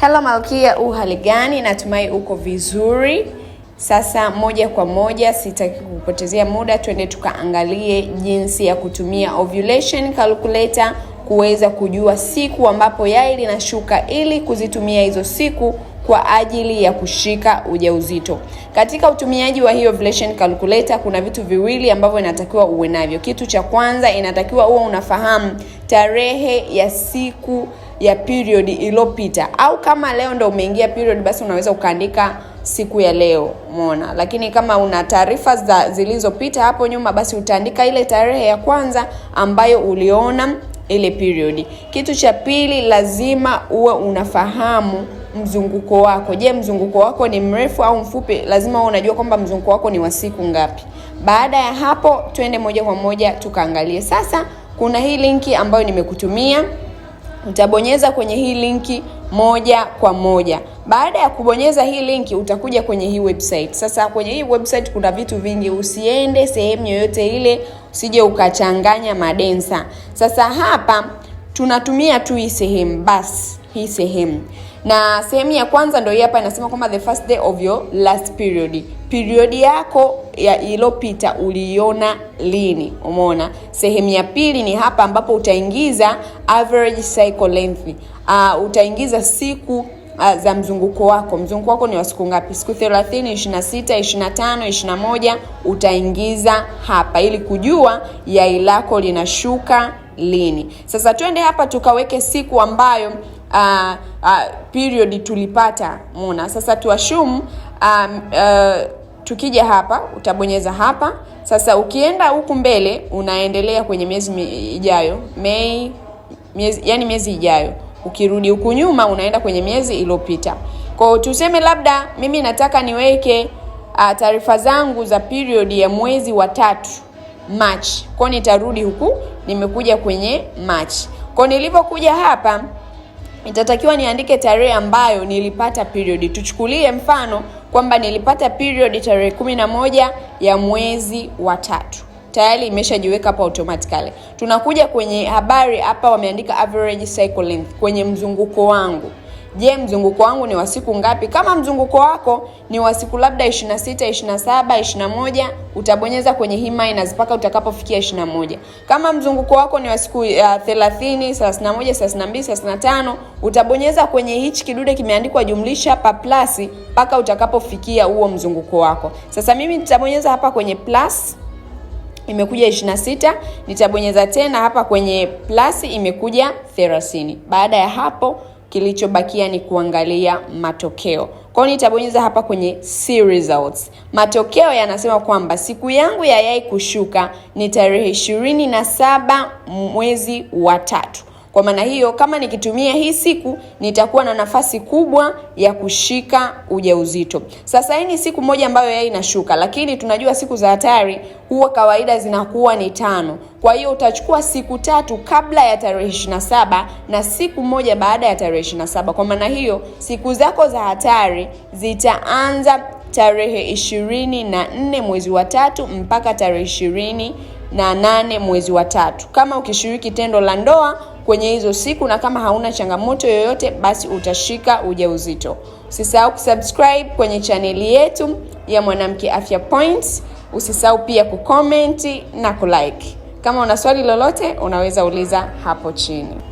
Hello Malkia, u hali gani? Natumai uko vizuri. Sasa moja kwa moja, sitaki kupotezea muda, twende tukaangalie jinsi ya kutumia ovulation calculator kuweza kujua siku ambapo yai linashuka ili kuzitumia hizo siku kwa ajili ya kushika ujauzito. Katika utumiaji wa hii ovulation calculator kuna vitu viwili ambavyo inatakiwa uwe navyo. Kitu cha kwanza, inatakiwa uwe unafahamu tarehe ya siku ya period iliyopita, au kama leo ndo umeingia period, basi unaweza ukaandika siku ya leo, umeona. Lakini kama una taarifa za zilizopita hapo nyuma, basi utaandika ile tarehe ya kwanza ambayo uliona ile period. Kitu cha pili, lazima uwe unafahamu mzunguko wako. Je, mzunguko wako ni mrefu au mfupi? Lazima uwe unajua kwamba mzunguko wako ni wa siku ngapi. Baada ya hapo, twende moja kwa moja tukaangalie sasa, kuna hii linki ambayo nimekutumia utabonyeza kwenye hii linki moja kwa moja. Baada ya kubonyeza hii linki utakuja kwenye hii website. Sasa kwenye hii website kuna vitu vingi, usiende sehemu yoyote ile, usije ukachanganya madensa. Sasa hapa tunatumia tu hii sehemu basi hii sehemu, na sehemu ya kwanza ndo hii hapa, inasema kwamba the first day of your last period, periodi yako ya iliyopita uliiona lini? Umeona. Sehemu ya pili ni hapa ambapo utaingiza average cycle length. Uh, utaingiza siku uh, za mzunguko wako. Mzunguko wako ni wa siku ngapi? Siku 30, 26, 25, 21 utaingiza hapa ili kujua yai lako linashuka lini. Sasa twende hapa tukaweke siku ambayo uh, uh, period tulipata muna. Sasa tuashumu uh, um, uh, tukija hapa utabonyeza hapa. Sasa ukienda huku mbele unaendelea kwenye miezi ijayo Mei, miezi, yani miezi ijayo. Ukirudi huku nyuma unaenda kwenye miezi iliyopita. Kwa tuseme labda mimi nataka niweke uh, taarifa zangu za period ya mwezi wa tatu March. Kwa nitarudi huku nimekuja kwenye Machi. Kwa nilipokuja hapa itatakiwa niandike tarehe ambayo nilipata period. Tuchukulie mfano kwamba nilipata period tarehe kumi na moja ya mwezi wa tatu tayari imeshajiweka hapa automatically. Tunakuja kwenye habari hapa, wameandika average cycle length kwenye mzunguko wangu Je, mzunguko wangu ni wa siku ngapi? Kama mzunguko wako ni wa siku labda 26, 27, 21, utabonyeza kwenye hii minus mpaka utakapofikia 21. Kama mzunguko wako ni wa siku uh, 30, 31, 32, 35, utabonyeza kwenye hichi kidude kimeandikwa jumlisha pa plus mpaka utakapofikia huo mzunguko wako. Sasa mimi nitabonyeza hapa kwenye plus imekuja 26, nitabonyeza tena hapa kwenye plus imekuja 30. Baada ya hapo kilichobakia ni kuangalia matokeo. Kwa hiyo nitabonyeza hapa kwenye see results. Matokeo yanasema kwamba siku yangu ya yai kushuka ni tarehe ishirini na saba mwezi wa tatu. Kwa maana hiyo, kama nikitumia hii siku nitakuwa na nafasi kubwa ya kushika ujauzito. Sasa hii ni siku moja ambayo yai inashuka, lakini tunajua siku za hatari huwa kawaida zinakuwa ni tano. Kwa hiyo utachukua siku tatu kabla ya tarehe ishirini na saba na siku moja baada ya tarehe ishirini na saba. Kwa maana hiyo, siku zako za hatari zitaanza tarehe ishirini na nne mwezi wa tatu mpaka tarehe ishirini na nane mwezi wa tatu. Kama ukishiriki tendo la ndoa kwenye hizo siku, na kama hauna changamoto yoyote, basi utashika ujauzito. Usisahau kusubscribe kwenye chaneli yetu ya Mwanamke Afya Points. Usisahau pia kukomenti na kulike. Kama una swali lolote, unaweza uliza hapo chini.